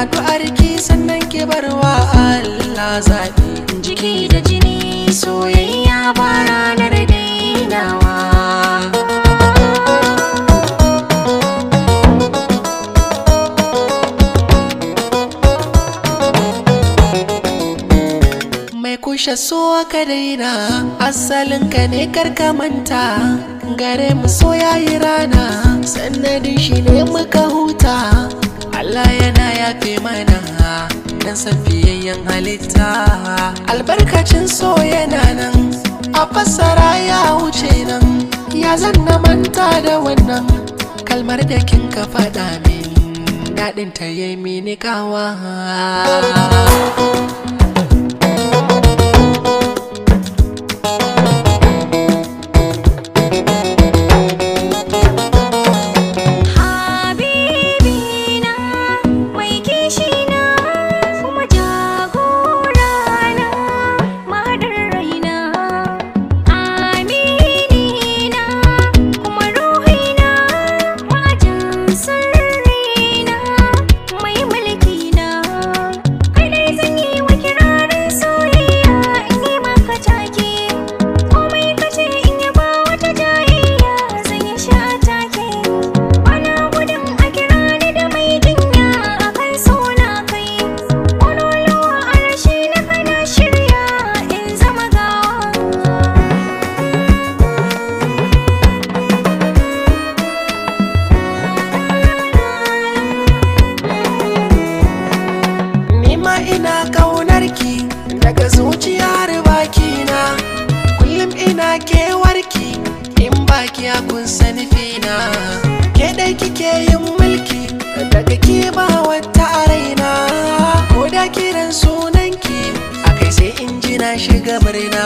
addu'ar ki sannan ki barwa Allah zaɓi jiki da jini soyayya ba ranar dainawa mai kushe so ka daina asalinka ne karka manta gare mu so yayi rana sannan shi ne muka huta Allah yana yafe mana dan san yan halitta albarkacin so yana nan a fassara ya wuce nan ya zan manta da wannan kalmar da kin ka faɗa min daɗin ta yi mini kawa daga zuciyar bakina kullum ina kewarki in baki a kun san fina ke dai kike yin mulki daga ke ba wata raina ko da kiran sunanki kai sai injina na shiga murna